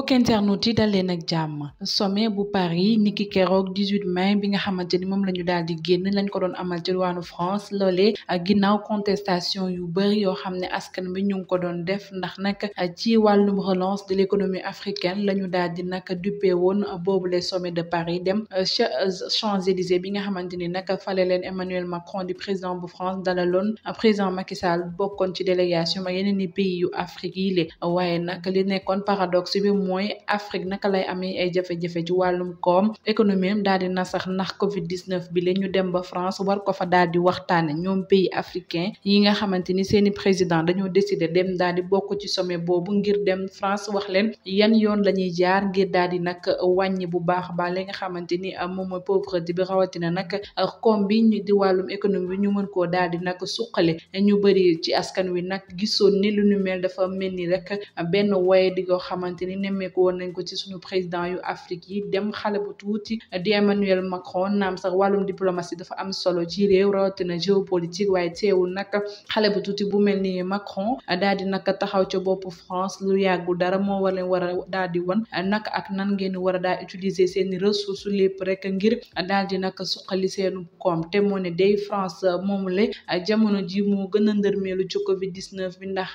mbokk internet yi dal leen ak jàmm sommet bu Paris niki keroog 18 mai bi nga xamante ni moom la ñu daal di génn lañ ko doon amal ci diwaanu France a ginnaaw contestation yu bëri yoo xam ne askan bi ñu ngi ko doon def ndax nag ci wàllum relance de l' économie africaine la ñu daal di nag duppee woon boobule sommet de Paris dem ca Champs-Élysées bi nga xamante ni nag fale leen Emmanuel Macron di président bu France dalaloon président Macky Sall bokkoon ci délégation ak yeneen i pays yu Afrique mooy Afrique naka lay amee ay jafe-jafe ci wàllum koom économie am di na sax ndax Covid 19 bi la ñu dem ba France war ko fa daal di waxtaane ñoom pays africain yi nga xamante ni seen i président dañoo décidé dem daal di bokk ci sommet boobu ngir dem France wax leen yan yoon la ñuy jaar ngir daal di nag wàññi bu baax a baax li nga xamante ni euh, moom mooy pauvreté bi rawatina nag euh, kom bi ñu di wàllum économie bi ñu mën koo daal di nag suqale ñu bëri ci askan wi nemmeeku woon nañ ko ci suñu président yu Afrique yi dem xale bu tuuti di Emmanuel Macron naam sax wàllum diplomatie dafa am solo ci réew rawatina géopolitique waaye teewul nag xale bu tuuti bu mel ni Macron daal di nag taxaw ca boppu France lu yàggul dara moo war leen war a daal wan nag ak nan ngeen war a daal utiliser seen ressources lépp rek ngir daal di nag suqali seenu koom te moo ne day France moomu le jamono ji moo gën a ndërmeelu ci Covid 19 bi ndax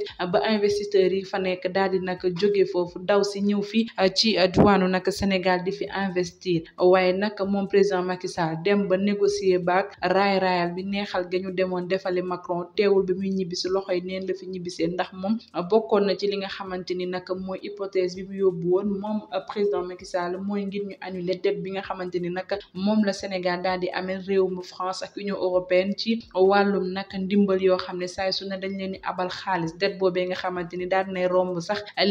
déet ba investisseurs yi fa nekk daal di nag jóge foofu daw si ñëw fi uh, ci uh, duwaanu nag Sénégal di fi investir waaye nag moom président Macky Sall dem ba négocier baak raay raayal bi neexal ga demoon defali Macron teewul bi muy ñibbisi loxoy neen fi ñibbisee ndax moom uh, bokkoon na ci li nga xamante ni nag mooy hypothèse bi mu yóbbu woon moom président Macky Sall mooy ngir ñu annuler dette bi nga xamante ni nag moom la Sénégal daal di amee réew mu France ak Union européenne ci wàllum nag ndimbal yoo xam ne saay su ne dañ leen abal xaalis dette boobee nga xamante ni daal dinay romb sax a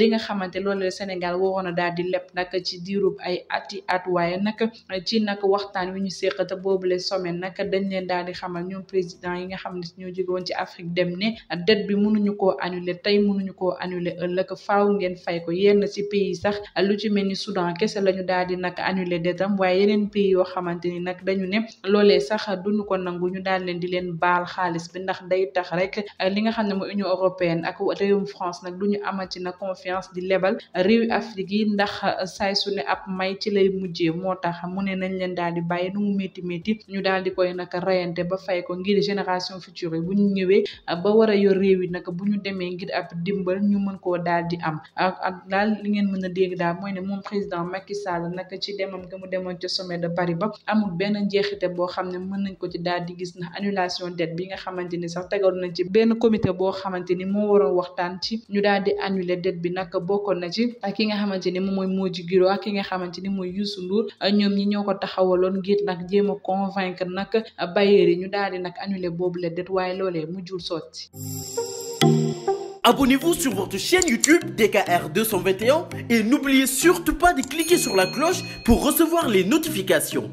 daal di leb nag ci diirub ay ati at waaye nag ci nag waxtaan wi ñu séq te boobule sommet nag yi nga xam ne ñoo jóge woon ci Afrique dem ne dette bi koo annuler tey mënuñu koo ko yenn si pays sax lu ci mel ni la ñu daal di nag annuler detam waaye yeneen pays yoo xamante ni ne loolee sax duñu ko nangu ñu daal leen di leen baal xaalis bi ndax day tax rek li nga xam ne mooy Union européenne ak réewum France nag du ñu amati na confiance di lebal réewi Afrique yi ndax saay ne ab may ci lay mujjee moo tax mu ne nañ leen daal di bàyyi nu mu métti métti ñu daal di koy nag rayante ba fay ko ngir génération future yi bu ñu ñëwee ba war a yor réew yi nag bu ñu demee ngir dimbal ñu mën koo daal di am a ak daal li ngeen mën a dégg daal mooy ne moom président Macky Sall nag ci demam nga mu demoon ca sommet de Paris ba amul benn njeexite boo xam ne mën nañ ko ci dal di gis ndax annulation dette bi nga xamante sax tegal nañ ci benn comité boo xamante ni war waxtaan ci ñu daal di annuler dette bi nag bokkoon na ci ki nga xamante ni moom mooy Modji Guiro ak ki nga xamante ni mooy Youssou Ndour ñoom ñi ñoo ko taxawaloon ngir nag jéem a convaincre nag bailleurs yi ñu daal di nag annuler boobu le dette waaye loolee mujjul sotti. Abonnez-vous sur votre chaîne YouTube DKR 221 et n'oubliez surtout pas de cliquer sur la cloche pour recevoir les notifications.